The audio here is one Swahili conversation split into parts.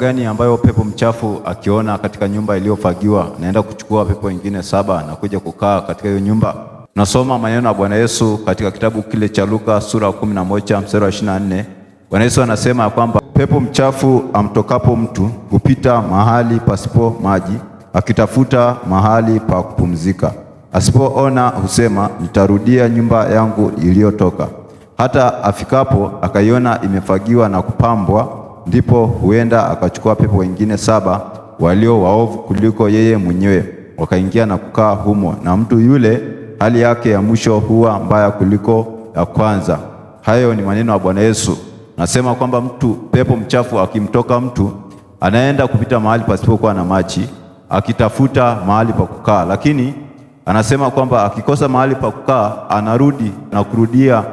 gani ambayo pepo mchafu akiona katika nyumba iliyofagiwa naenda kuchukua pepo wengine saba na kuja kukaa katika hiyo nyumba? nasoma maneno ya Bwana Yesu katika kitabu kile cha Luka sura ya 11 mstari wa 24. Bwana Yesu anasema ya kwamba pepo mchafu amtokapo mtu hupita mahali pasipo maji akitafuta mahali pa kupumzika, asipoona husema, nitarudia nyumba yangu iliyotoka. Hata afikapo akaiona imefagiwa na kupambwa ndipo huenda akachukua pepo wengine saba walio waovu kuliko yeye mwenyewe, wakaingia na kukaa humo, na mtu yule hali yake ya mwisho huwa mbaya kuliko ya kwanza. Hayo ni maneno ya Bwana Yesu. Nasema kwamba mtu pepo mchafu akimtoka mtu anaenda kupita mahali pasipokuwa na maji, akitafuta mahali pa kukaa, lakini anasema kwamba akikosa mahali pa kukaa anarudi na kurudia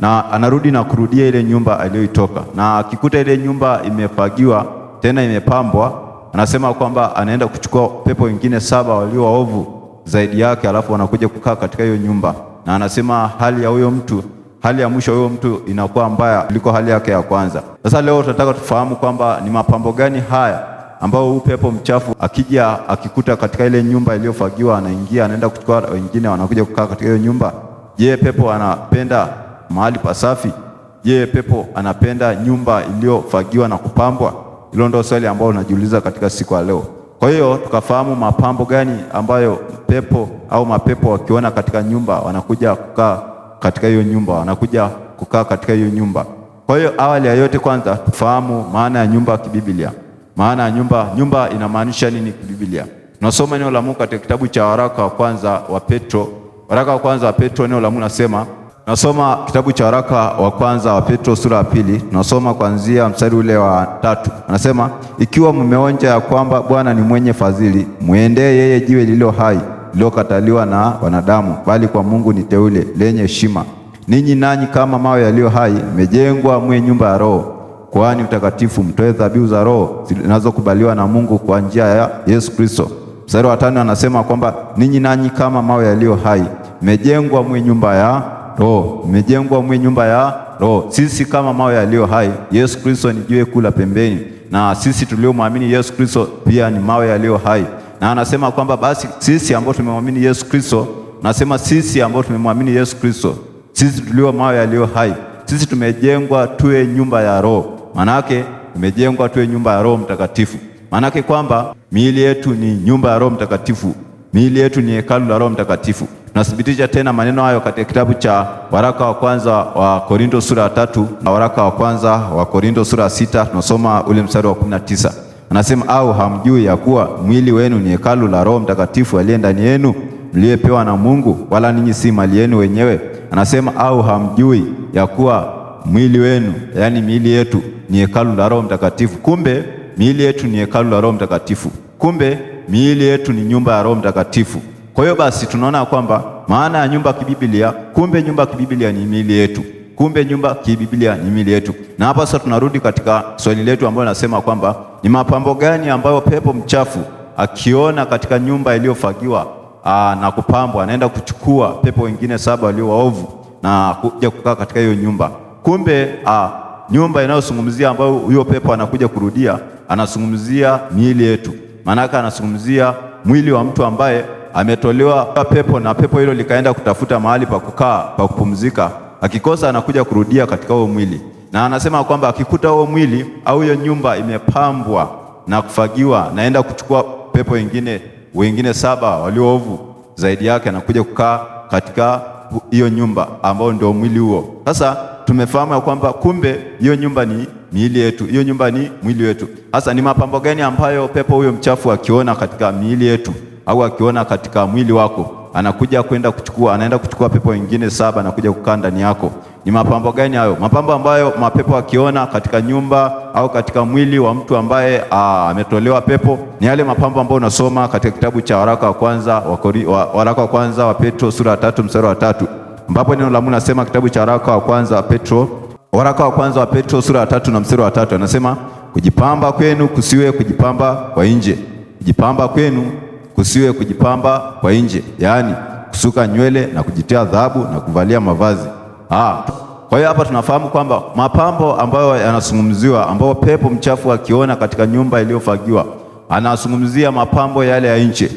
na anarudi na kurudia ile nyumba aliyoitoka, na akikuta ile nyumba imefagiwa tena imepambwa, anasema kwamba anaenda kuchukua pepo wengine saba walio waovu zaidi yake, alafu wanakuja kukaa katika hiyo nyumba, na anasema hali ya huyo mtu hali ya mwisho huyo mtu inakuwa mbaya kuliko hali yake ya kwanza. Sasa leo tunataka tufahamu kwamba ni mapambo gani haya ambao huu pepo mchafu akija akikuta katika ile nyumba iliyofagiwa, anaingia anaenda kuchukua wengine, wanakuja kukaa katika hiyo nyumba. Je, pepo anapenda mahali pasafi? Je, pepo anapenda nyumba iliyofagiwa na kupambwa? Hilo ndio swali ambalo unajiuliza katika siku ya leo. Kwa hiyo tukafahamu mapambo gani ambayo pepo au mapepo wakiona katika nyumba wanakuja kukaa katika hiyo nyumba, wanakuja kukaa katika hiyo nyumba. Kwa hiyo awali ya yote, kwanza tufahamu maana ya nyumba kibiblia. Maana ya nyumba, nyumba inamaanisha nini kibiblia? Tunasoma neno la Mungu katika kitabu cha waraka wa kwanza wa Petro, waraka wa kwanza wa Petro, neno la Mungu nasema Tunasoma kitabu cha waraka wa kwanza wa Petro sura ya pili, tunasoma kuanzia mstari ule wa tatu. Anasema, ikiwa mmeonja ya kwamba Bwana ni mwenye fadhili, mwendee yeye jiwe lililo hai lililokataliwa na wanadamu, bali kwa Mungu ni teule lenye heshima. Ninyi nanyi kama mawe yaliyo hai mmejengwa mwe nyumba ya Roho, kwani mtakatifu mtoe dhabihu za Roho zinazokubaliwa na Mungu kwa njia ya Yesu Kristo. Mstari wa tano anasema kwamba ninyi nanyi kama mawe yaliyo hai mmejengwa mwe nyumba ya roho, mmejengwa mwe nyumba ya roho. Sisi kama mawe yaliyo hai, Yesu Kristo ni jiwe kula la pembeni, na sisi tuliomwamini Yesu Kristo pia ni mawe yaliyo hai, na anasema kwamba basi sisi ambao tumemwamini Yesu Kristo, nasema sisi ambao tumemwamini Yesu Kristo, sisi tulio mawe yaliyo hai, sisi tumejengwa tuwe nyumba ya roho. Manake tumejengwa tuwe nyumba ya Roho Mtakatifu, manake kwamba miili yetu ni nyumba ya Roho Mtakatifu, miili yetu ni hekalu la Roho Mtakatifu nasibitisha tena maneno hayo katika kitabu cha waraka wa kwanza wa Korinto sura ya tatu na waraka wa kwanza wa Korinto sura ya sita tunasoma ule mstari wa 19. Anasema, au hamjui ya kuwa mwili wenu ni hekalu la Roho Mtakatifu aliye ndani yenu mliyepewa na Mungu, wala ninyi si mali yenu wenyewe. Anasema, au hamjui ya kuwa mwili wenu, yaani miili yetu ni hekalu la Roho Mtakatifu. Kumbe miili yetu ni hekalu la Roho Mtakatifu. Kumbe miili yetu ni nyumba ya Roho Mtakatifu. Kwa hiyo basi tunaona kwamba maana ya nyumba kibiblia, kumbe nyumba kibiblia ni miili yetu, kumbe nyumba kibiblia ni miili yetu. Na hapa sasa tunarudi katika swali letu ambalo nasema kwamba ni mapambo gani ambayo pepo mchafu akiona katika nyumba iliyofagiwa ah, na kupambwa, anaenda kuchukua pepo wengine saba walio waovu na kuja kukaa katika hiyo nyumba. Kumbe a, ah, nyumba inayozungumzia ambayo huyo pepo anakuja kurudia, anazungumzia miili yetu, maanake anazungumzia mwili wa mtu ambaye ametolewa pepo na pepo hilo likaenda kutafuta mahali pa kukaa pa kupumzika, akikosa anakuja kurudia katika huo mwili, na anasema kwamba akikuta huo mwili au hiyo nyumba imepambwa na kufagiwa, naenda kuchukua pepo wengine wengine saba walioovu zaidi yake, anakuja kukaa katika hiyo nyumba ambao ndio mwili huo. Sasa tumefahamu ya kwamba kumbe hiyo nyumba ni miili yetu, hiyo nyumba ni mwili wetu. Sasa ni mapambo gani ambayo pepo huyo mchafu akiona katika miili yetu au akiona katika mwili wako anakuja kwenda kuchukua, anaenda kuchukua pepo wengine saba na kuja kukaa ndani yako. Ni mapambo gani hayo? Mapambo ambayo mapepo akiona katika nyumba au katika mwili wa mtu ambaye ametolewa pepo, ni yale mapambo ambayo unasoma katika kitabu cha waraka wa kwanza wa, waraka wa kwanza wa Petro sura ya tatu mstari wa tatu ambapo neno la Mungu nasema, kitabu cha waraka wa kwanza wa Petro, waraka wa kwanza wa Petro sura ya tatu na mstari wa tatu anasema, kujipamba kwenu kusiwe kujipamba kwa nje, kujipamba kwenu kusiwe kujipamba kwa nje, yaani kusuka nywele na kujitia dhahabu na kuvalia mavazi ah. Kwa hiyo hapa tunafahamu kwamba mapambo ambayo yanazungumziwa, ambayo pepo mchafu akiona katika nyumba iliyofagiwa, anazungumzia mapambo yale ya nje,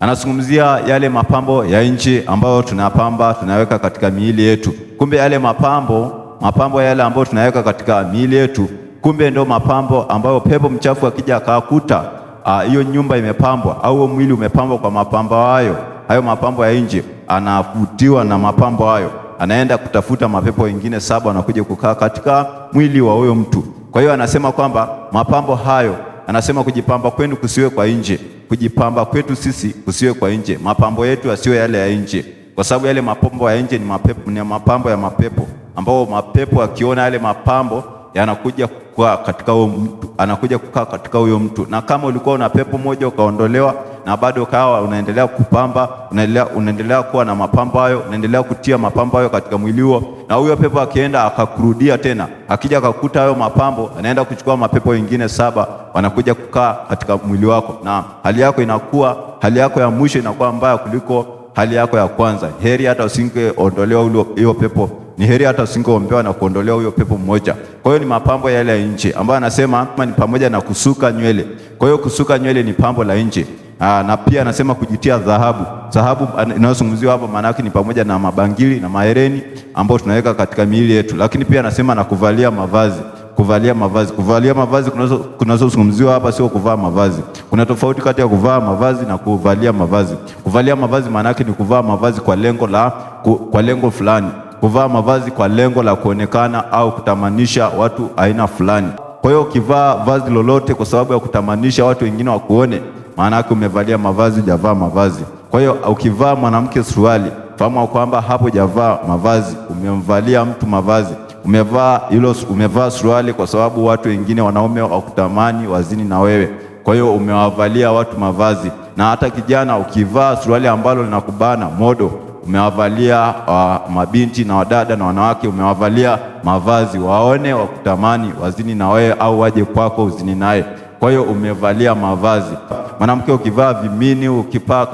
anazungumzia yale mapambo ya nje ambayo tunapamba tunaweka katika miili yetu. Kumbe yale mapambo, mapambo yale ambayo tunaweka katika miili yetu, kumbe ndio mapambo ambayo pepo mchafu akija akakuta Ah, hiyo nyumba imepambwa au mwili umepambwa kwa mapambo hayo, hayo mapambo ya nje, anavutiwa na mapambo hayo, anaenda kutafuta mapepo wengine saba, anakuja kukaa katika mwili wa huyo mtu. Kwa hiyo anasema kwamba mapambo hayo, anasema kujipamba kwenu kusiwe kwa nje, kujipamba kwetu sisi kusiwe kwa nje, mapambo yetu asiwe yale ya nje, kwa sababu yale mapambo ya nje ni, ni mapambo ya mapepo, ambao mapepo akiona yale mapambo yanakuja kwa katika huyo mtu, anakuja kukaa katika huyo mtu. Na kama ulikuwa una pepo moja ukaondolewa na bado ukawa unaendelea kupamba, unaendelea, unaendelea kuwa na mapambo hayo, unaendelea kutia mapambo hayo katika mwili huo, na huyo pepo akienda akakurudia tena, akija akakuta hayo mapambo, anaenda kuchukua mapepo wengine saba, wanakuja kukaa katika mwili wako, na hali yako inakuwa, hali yako ya mwisho inakuwa mbaya kuliko hali yako ya kwanza. Heri hata usingeondolewa hiyo pepo ni heri hata usingeombewa na kuondolewa huyo pepo mmoja. Kwa hiyo ni mapambo yale ya nje ambayo anasema ni pamoja na kusuka nywele. Kwa hiyo kusuka nywele ni pambo la nje. Aa, ah, na pia anasema kujitia dhahabu. Dhahabu inayozungumziwa hapa maana yake ni pamoja na mabangili na mahereni ambayo tunaweka katika miili yetu, lakini pia anasema na kuvalia mavazi kuvalia mavazi. Kuvalia mavazi kunazozungumziwa hapa sio kuvaa mavazi. Kuna tofauti kati ya kuvaa mavazi na kuvalia mavazi. Kuvalia mavazi maana yake ni kuvaa mavazi kwa lengo la, ku, kwa lengo fulani kuvaa mavazi kwa lengo la kuonekana au kutamanisha watu aina fulani. Kwa hiyo ukivaa vazi lolote kwa sababu ya kutamanisha watu wengine wakuone, maana yake umevalia mavazi, hujavaa mavazi. Kwa hiyo ukivaa mwanamke suruali, fahamu kwamba hapo hujavaa mavazi, umemvalia mtu mavazi. Umevaa hilo, umevaa suruali kwa sababu watu wengine wanaume wakutamani wazini na wewe, kwa hiyo umewavalia watu mavazi. Na hata kijana, ukivaa suruali ambalo linakubana modo umewavalia wa uh, mabinti na wadada na wanawake, umewavalia mavazi waone wakutamani, wazini na wewe au waje kwako uzini naye. Kwa hiyo umevalia mavazi. Mwanamke ukivaa vimini,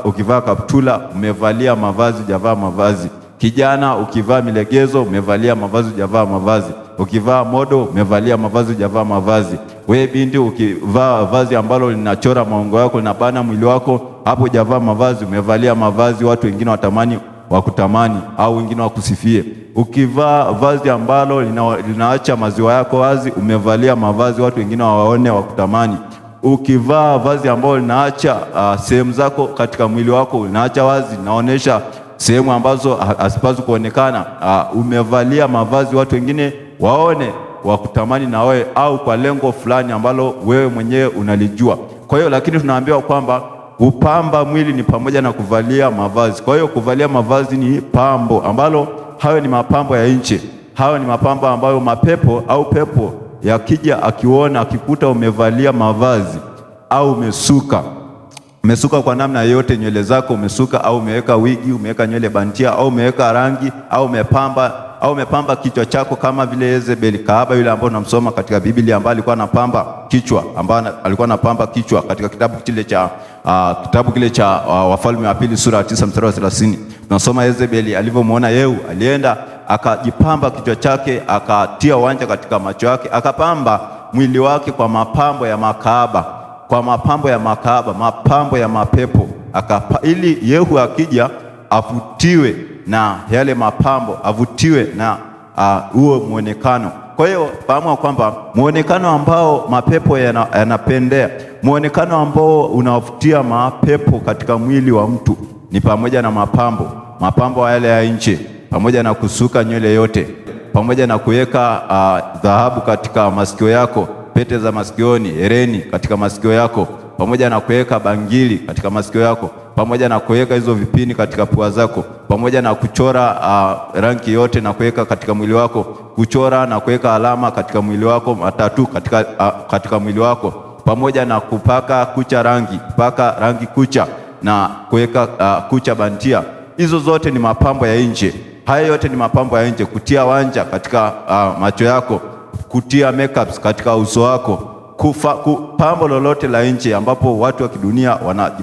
ukivaa kaptula, umevalia mavazi, ujavaa mavazi. Kijana ukivaa milegezo, umevalia mavazi, ujavaa mavazi. Ukivaa modo, umevalia mavazi, ujavaa mavazi. Wewe binti ukivaa vazi ambalo linachora maungo yako linabana mwili wako, hapo ujavaa mavazi, umevalia mavazi. Watu wengine watamani wakutamani au wengine wakusifie. Ukivaa vazi ambalo lina, linaacha maziwa yako wazi, umevalia mavazi watu wengine wawaone wakutamani. Ukivaa vazi ambalo linaacha uh, sehemu zako katika mwili wako linaacha wazi, linaonyesha sehemu ambazo hasipazi kuonekana, uh, umevalia mavazi watu wengine waone wakutamani na wewe, au kwa lengo fulani ambalo wewe mwenyewe unalijua. Kwa hiyo lakini tunaambiwa kwamba kupamba mwili ni pamoja na kuvalia mavazi. Kwa hiyo kuvalia mavazi ni pambo ambalo, hayo ni mapambo ya nje, hayo ni mapambo ambayo mapepo au pepo yakija akiona akikuta umevalia mavazi au umesuka umesuka kwa namna yoyote, nywele zako umesuka au umeweka wigi, umeweka nywele bantia au umeweka rangi au umepamba au umepamba kichwa chako kama vile Yezebeli kahaba yule ambaye unamsoma katika Biblia, ambaye alikuwa anapamba kichwa, ambaye alikuwa anapamba kichwa katika kitabu kile cha uh, kitabu kile cha uh, Wafalme wa Pili sura ya 9 mstari wa 30. Tunasoma Yezebeli alivyomwona Yehu, alienda akajipamba kichwa chake, akatia wanja katika macho yake, akapamba mwili wake kwa mapambo ya makahaba, kwa mapambo ya makahaba, mapambo ya mapepo akapa, ili Yehu akija afutiwe na yale mapambo, avutiwe na huo uh, mwonekano. Kwa hiyo fahamu kwamba mwonekano ambao mapepo yanapendea, mwonekano ambao unavutia mapepo katika mwili wa mtu ni pamoja na mapambo, mapambo yale ya nje, pamoja na kusuka nywele yote, pamoja na kuweka dhahabu uh, katika masikio yako, pete za masikioni, hereni katika masikio yako pamoja na kuweka bangili katika masikio yako, pamoja na kuweka hizo vipini katika pua zako, pamoja na kuchora uh, rangi yote na kuweka katika mwili wako, kuchora na kuweka alama katika mwili wako, matatu katika, uh, katika mwili wako, pamoja na kupaka kucha rangi, paka rangi kucha na kuweka uh, kucha bandia. Hizo zote ni mapambo ya nje. Haya yote ni mapambo ya nje, kutia wanja katika uh, macho yako, kutia makeups katika uso wako kufa, kupambo lolote la nje ambapo watu wa kidunia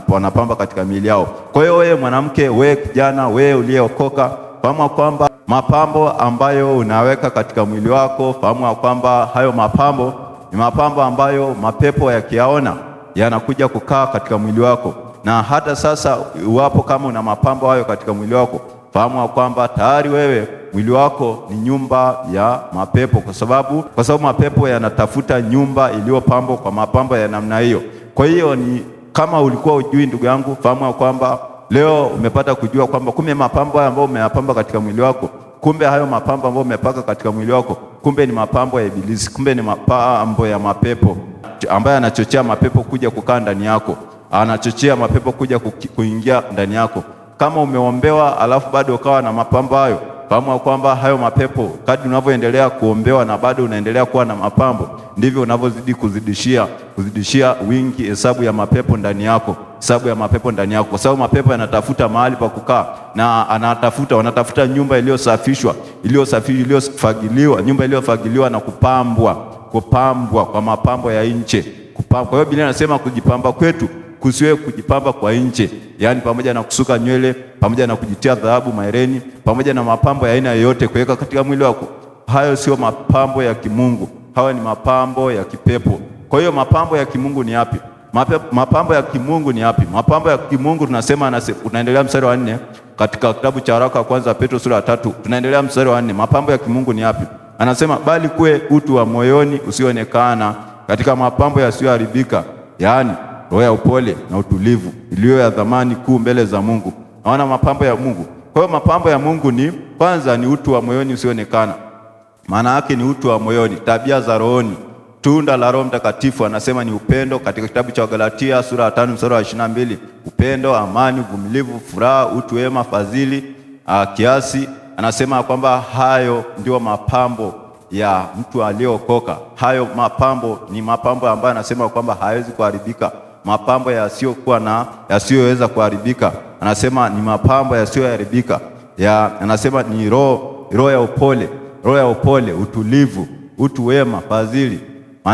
wanapamba katika miili yao. Kwa hiyo wewe mwanamke, wewe kijana, wewe uliyeokoka, fahamu ya kwamba mapambo ambayo unaweka katika mwili wako, fahamu ya kwamba hayo mapambo ni mapambo ambayo mapepo yakiyaona yanakuja kukaa katika mwili wako, na hata sasa iwapo kama una mapambo hayo katika mwili wako, fahamu ya kwamba tayari wewe Mwili wako ni nyumba ya mapepo, kwa sababu kwa sababu mapepo yanatafuta nyumba iliyopambwa kwa mapambo ya namna hiyo. Kwa hiyo ni kama ulikuwa ujui, ndugu yangu, fahamu kwamba leo umepata kujua kwamba kumbe mapambo hayo ambayo umeyapamba katika mwili wako, kumbe hayo mapambo ambayo umepaka katika mwili wako, kumbe ni mapambo ya Ibilisi, kumbe ni mapambo ya mapepo ambaye anachochea mapepo kuja kukaa ndani yako, anachochea mapepo kuja kuingia ndani yako. Kama umeombewa alafu bado ukawa na mapambo hayo fahamu kwamba hayo mapepo kadri unavyoendelea kuombewa na bado unaendelea kuwa na mapambo, ndivyo unavyozidi kuzidishia kuzidishia wingi hesabu ya mapepo ndani yako, hesabu ya mapepo ndani yako, kwa sababu mapepo yanatafuta mahali pa kukaa na anatafuta, wanatafuta nyumba iliyosafishwa, iliyosafishwa, iliyofagiliwa, nyumba iliyofagiliwa na kupambwa, kupambwa kwa mapambo ya nje. Kwa hiyo Biblia inasema kujipamba kwetu kusiwe kujipamba kwa nje, yaani pamoja na kusuka nywele pamoja na kujitia dhahabu maereni, pamoja na mapambo ya aina yoyote kuweka katika mwili wako, hayo sio mapambo ya kimungu, hayo ni mapambo ya kipepo. Kwa hiyo mapambo ya kimungu ni yapi? Mapambo ya kimungu ni yapi? Mapambo ya kimungu tunasema, tunaendelea mstari wa nne katika kitabu cha waraka wa kwanza Petro sura ya tatu, tunaendelea mstari wa nne. Mapambo ya kimungu ni yapi? Anasema bali kuwe utu wa moyoni usionekana katika mapambo yasiyoharibika, yaani roho ya upole na utulivu iliyo ya dhamani kuu mbele za Mungu naona mapambo ya Mungu. Kwa hiyo mapambo ya Mungu ni kwanza, ni utu wa moyoni usionekana, maana yake ni utu wa moyoni, tabia za rohoni, tunda la Roho Mtakatifu. Anasema ni upendo katika kitabu cha Galatia sura ya 5 mstari wa 22, upendo, amani, uvumilivu, furaha, utu wema, fadhili, ah, kiasi. Anasema kwamba hayo ndio mapambo ya mtu aliyeokoka. Hayo mapambo ni mapambo ambayo anasema kwamba hayawezi kuharibika, mapambo yasiyokuwa na yasiyoweza kuharibika anasema ni mapambo yasiyoharibika ya, anasema ni roho roho ya upole, roho ya upole, utulivu, utu wema, fadhili.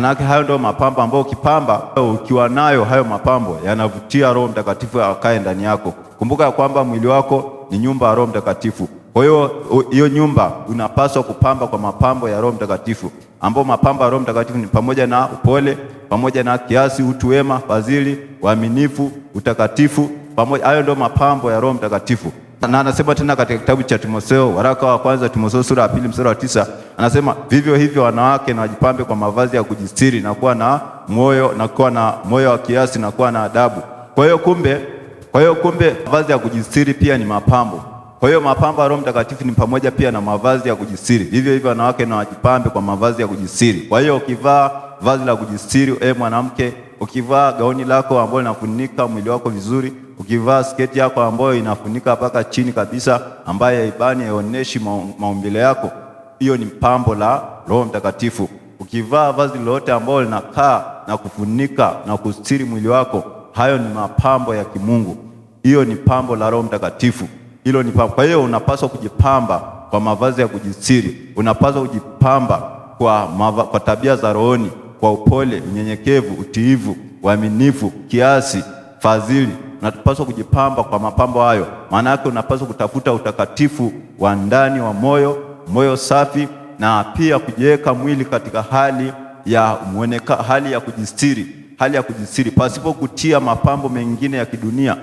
yake hayo ndio mapambo ambayo ukipamba, ukiwa nayo hayo mapambo yanavutia Roho Mtakatifu akae ndani yako. Kumbuka ya kwamba mwili wako ni nyumba ya Roho Mtakatifu. Kwa hiyo hiyo nyumba unapaswa kupamba kwa mapambo ya Roho Mtakatifu, ambao mapambo ya Roho Mtakatifu ni pamoja na upole, pamoja na kiasi, utu wema, fadhili, uaminifu, utakatifu pamoja. Hayo ndio mapambo ya Roho Mtakatifu. Na anasema tena katika kitabu cha Timotheo, waraka wa kwanza Timotheo sura ya pili mstari wa tisa anasema vivyo hivyo wanawake na wajipambe kwa mavazi ya kujistiri na kuwa na moyo na kuwa na moyo wa kiasi na kuwa na adabu. Kwa hiyo kumbe, kwa hiyo kumbe mavazi ya kujistiri pia ni mapambo. Kwa hiyo mapambo ya Roho Mtakatifu ni pamoja pia na mavazi ya kujistiri. Vivyo hivyo wanawake na wajipambe kwa mavazi ya kujistiri. Kwa hiyo ukivaa vazi la kujistiri, e mwanamke, ukivaa gauni lako ambalo linafunika mwili wako vizuri Ukivaa sketi yako ambayo inafunika mpaka chini kabisa, ambayo haibani, haionyeshi maumbile yako, hiyo ni pambo la Roho Mtakatifu. Ukivaa vazi lolote ambalo linakaa na kufunika na kustiri mwili wako, hayo ni mapambo ya kimungu, hiyo ni pambo la Roho Mtakatifu. Hilo ni pambo. Kwa hiyo unapaswa kujipamba kwa mavazi ya kujistiri, unapaswa kujipamba kwa, mava, kwa tabia za rohoni, kwa upole, unyenyekevu, utiivu, uaminifu, kiasi, fadhili unapaswa kujipamba kwa mapambo hayo. Maana yake unapaswa kutafuta utakatifu wa ndani wa moyo, moyo safi, na pia kujiweka mwili katika hali ya mweneka, hali ya kujistiri, hali ya kujistiri pasipo kutia mapambo mengine ya kidunia,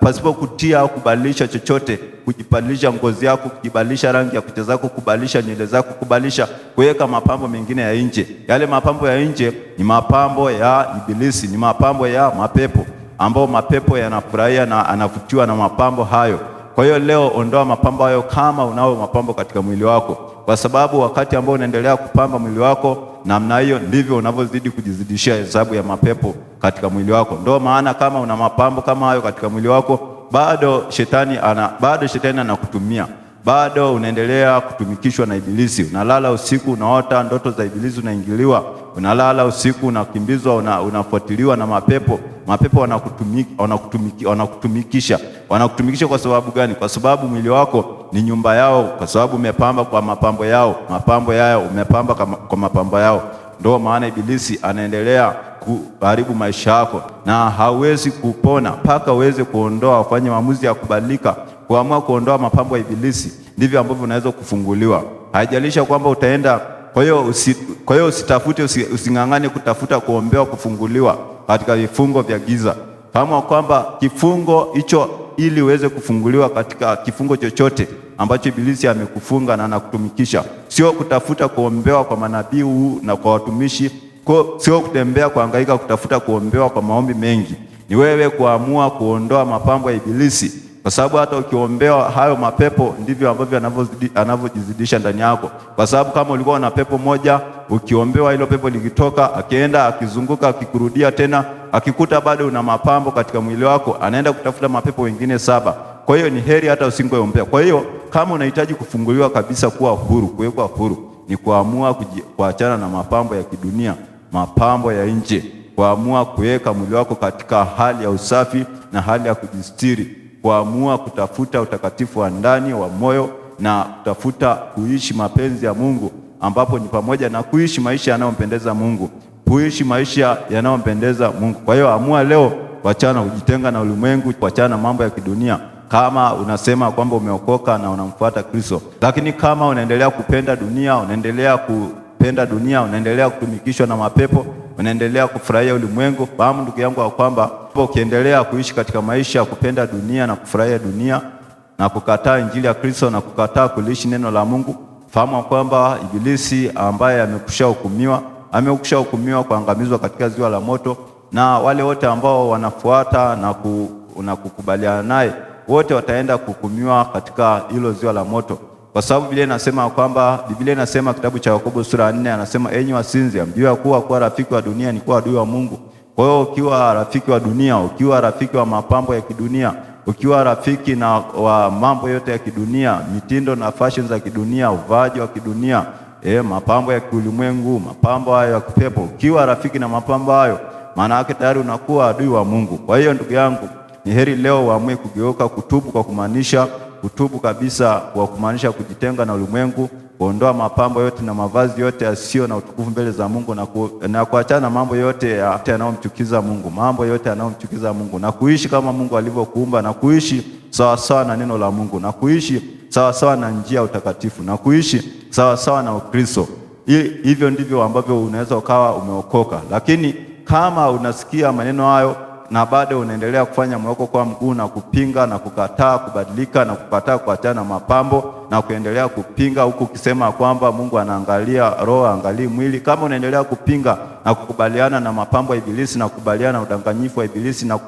pasipo kutia au kubadilisha chochote, kujibadilisha ngozi yako, kujibadilisha rangi ya kucha zako, kubadilisha nywele zako, kubadilisha kuweka mapambo mengine ya nje. Yale mapambo ya nje ni mapambo ya Ibilisi, ni mapambo ya mapepo ambao mapepo yanafurahia na anavutiwa na mapambo hayo. Kwa hiyo leo ondoa mapambo hayo kama unao mapambo katika mwili wako, kwa sababu wakati ambao unaendelea kupamba mwili wako namna hiyo, ndivyo unavyozidi kujizidishia hesabu ya mapepo katika mwili wako. Ndio maana kama una mapambo kama hayo katika mwili wako, bado shetani ana bado shetani anakutumia bado unaendelea kutumikishwa na Ibilisi. Unalala usiku, unaota ndoto za Ibilisi, unaingiliwa. Unalala usiku, unakimbizwa, unafuatiliwa na mapepo. Mapepo wanakutumikisha, wanakutumiki, wanakutumikisha. Wanakutumikisha kwa sababu gani? Kwa sababu mwili wako ni nyumba yao, kwa sababu umepamba kwa mapambo yao, mapambo yao umepamba kwa mapambo yao. Ndio maana ibilisi anaendelea kuharibu maisha yako, na hawezi kupona mpaka uweze kuondoa, ufanye maamuzi ya kubadilika, kuamua kuondoa mapambo ya ibilisi. Ndivyo ambavyo unaweza kufunguliwa, haijalisha kwamba utaenda. Kwa hiyo usi, usitafute, using'ang'ane kutafuta kuombewa kufunguliwa katika vifungo vya giza. Fahamu kwamba kifungo hicho, ili uweze kufunguliwa katika kifungo chochote ambacho Ibilisi amekufunga na anakutumikisha, sio kutafuta kuombewa kwa manabii na kwa watumishi, sio kutembea kuhangaika kutafuta kuombewa kwa maombi mengi. Ni wewe kuamua kuondoa mapambo ya Ibilisi kwa sababu hata ukiombewa hayo mapepo ndivyo ambavyo anavyojizidisha ndani yako, kwa sababu kama ulikuwa na pepo moja, ukiombewa hilo pepo likitoka, akienda akizunguka, akikurudia tena, akikuta bado una mapambo katika mwili wako, anaenda kutafuta mapepo wengine saba. Kwa hiyo ni heri hata usingeombea. Kwa hiyo kama unahitaji kufunguliwa kabisa, kuwa huru, kuwekwa huru, ni kuamua kuachana na mapambo ya kidunia, mapambo ya nje, kuamua kuweka mwili wako katika hali ya usafi na hali ya kujistiri kuamua kutafuta utakatifu wa ndani wa moyo na kutafuta kuishi mapenzi ya Mungu, ambapo ni pamoja na kuishi maisha yanayompendeza Mungu, kuishi maisha yanayompendeza Mungu. Kwa hiyo amua leo, wachana kujitenga na ulimwengu, wachana na mambo ya kidunia. Kama unasema kwamba umeokoka na unamfuata Kristo, lakini kama unaendelea kupenda dunia, unaendelea kupenda dunia, unaendelea kutumikishwa na mapepo unaendelea kufurahia ulimwengu. Fahamu ndugu yangu ya kwamba ukiendelea kuishi katika maisha ya kupenda dunia na kufurahia dunia na kukataa injili ya Kristo na kukataa kuliishi neno la Mungu, fahamu kwamba Ibilisi ambaye amekusha hukumiwa amekusha hukumiwa kuangamizwa katika ziwa la moto, na wale wote ambao wanafuata na, ku, na kukubaliana naye wote wataenda kuhukumiwa katika hilo ziwa la moto kwa sababu vile nasema kwamba Biblia inasema kitabu cha Yakobo sura nne anasema enyi wasinzi, mjue ya kuwa kuwa rafiki wa dunia ni kuwa adui wa Mungu. Kwa hiyo ukiwa rafiki wa dunia, ukiwa rafiki wa mapambo ya kidunia, ukiwa rafiki na wa mambo yote ya kidunia, mitindo na fashion za kidunia, uvaji wa kidunia, eh, mapambo ya kiulimwengu, mapambo hayo ya kipepo, ukiwa rafiki na mapambo hayo, maana yake tayari unakuwa adui wa Mungu. Kwa hiyo ndugu yangu, ni heri leo uamue kugeuka, kutubu kwa kumaanisha kutubu kabisa kwa kumaanisha kujitenga na ulimwengu, kuondoa mapambo yote na mavazi yote yasiyo na utukufu mbele za Mungu na, ku, na kuachana na mambo yote yanayomchukiza Mungu, mambo yote yanayomchukiza Mungu na kuishi kama Mungu alivyokuumba na kuishi sawasawa na neno la Mungu na kuishi sawasawa na njia ya utakatifu na kuishi sawasawa na Ukristo. Hivyo ndivyo ambavyo unaweza ukawa umeokoka, lakini kama unasikia maneno hayo na bado unaendelea kufanya moyo wako kwa mguu na kupinga na kukataa kubadilika na kukataa kuachana na mapambo na kuendelea kupinga huku ukisema kwamba Mungu anaangalia roho, angalii mwili. Kama unaendelea kupinga na kukubaliana na mapambo ya Ibilisi na kukubaliana na udanganyifu wa Ibilisi na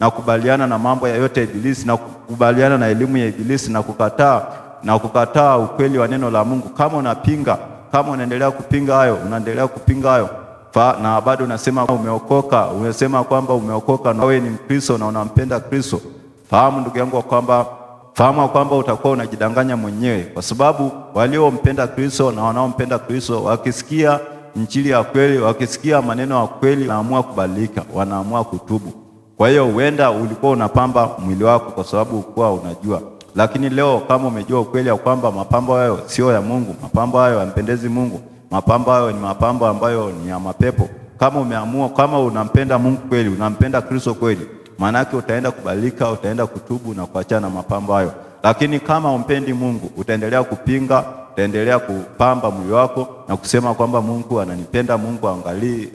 na kukubaliana na mambo ya yote ya Ibilisi na kukubaliana na elimu ya Ibilisi na kukataa na kukataa ukweli wa neno la Mungu, kama unapinga, kama unaendelea kupinga hayo, unaendelea kupinga hayo fa, na bado unasema umeokoka, umesema kwamba umeokoka na wewe ni Mkristo na unampenda Kristo, fahamu ndugu yangu kwamba fahamu kwamba utakuwa unajidanganya mwenyewe, kwa sababu waliompenda Kristo na wanaompenda Kristo wakisikia injili ya kweli, wakisikia maneno ya kweli, wanaamua kubadilika, wanaamua kutubu. Kwa hiyo huenda ulikuwa unapamba mwili wako kwa sababu ulikuwa unajua, lakini leo kama umejua ukweli ya kwamba mapambo hayo sio ya Mungu, mapambo hayo yampendezi Mungu, Mapambo hayo ni mapambo ambayo ni ya mapepo. Kama umeamua, kama unampenda Mungu kweli, unampenda Kristo kweli, maana utaenda kubalika, utaenda kutubu na kuachana na mapambo hayo. Lakini kama umpendi Mungu, utaendelea kupinga, utaendelea kupamba mwili wako na kusema kwamba Mungu ananipenda, Mungu angalii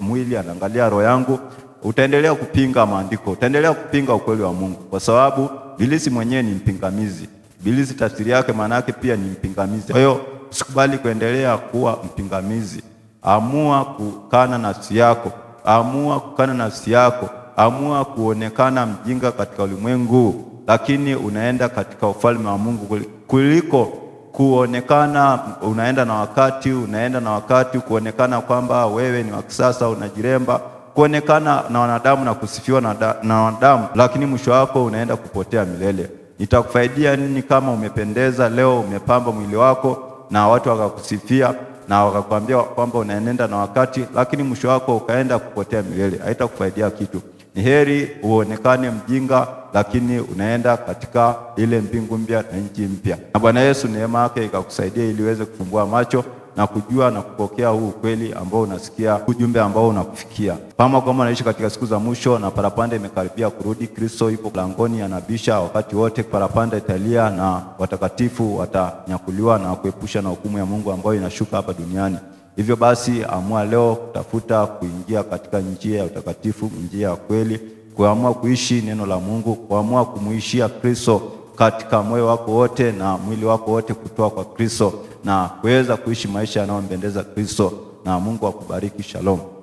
mwili, anaangalia roho yangu. Utaendelea kupinga maandiko, utaendelea kupinga ukweli wa Mungu, kwa sababu bilisi mwenyewe ni mpingamizi. Bilisi tafsiri yake maana yake pia ni mpingamizi. Kwa hiyo usikubali kuendelea kuwa mpingamizi. Amua kukana nafsi yako, amua kukana nafsi yako, amua kuonekana mjinga katika ulimwengu, lakini unaenda katika ufalme wa Mungu kuliko kuonekana unaenda na wakati, unaenda na wakati, kuonekana kwamba wewe ni wa kisasa, unajiremba, kuonekana na wanadamu na kusifiwa na wanadamu, lakini mwisho wako unaenda kupotea milele. Itakufaidia nini kama umependeza leo, umepamba mwili wako na watu wakakusifia na wakakwambia kwamba unaenenda na wakati, lakini mwisho wako ukaenda kupotea milele, haitakufaidia kitu. Ni heri uonekane mjinga, lakini unaenda katika ile mbingu mpya na nchi mpya. Na Bwana Yesu neema yake ikakusaidia ili uweze kufumbua macho na kujua na kupokea huu ukweli ambao unasikia, ujumbe ambao unakufikia. Kama kwamba naishi katika siku za mwisho na parapanda imekaribia kurudi, Kristo yupo langoni, anabisha wakati wote. Parapanda italia na watakatifu watanyakuliwa na kuepusha na hukumu ya Mungu ambayo inashuka hapa duniani. Hivyo basi, amua leo kutafuta kuingia katika njia ya utakatifu, njia ya kweli, kuamua kuishi neno la Mungu, kuamua kumuishia Kristo katika moyo wako wote na mwili wako wote, kutoa kwa Kristo na kuweza kuishi maisha yanayompendeza Kristo, na Mungu akubariki. Shalom.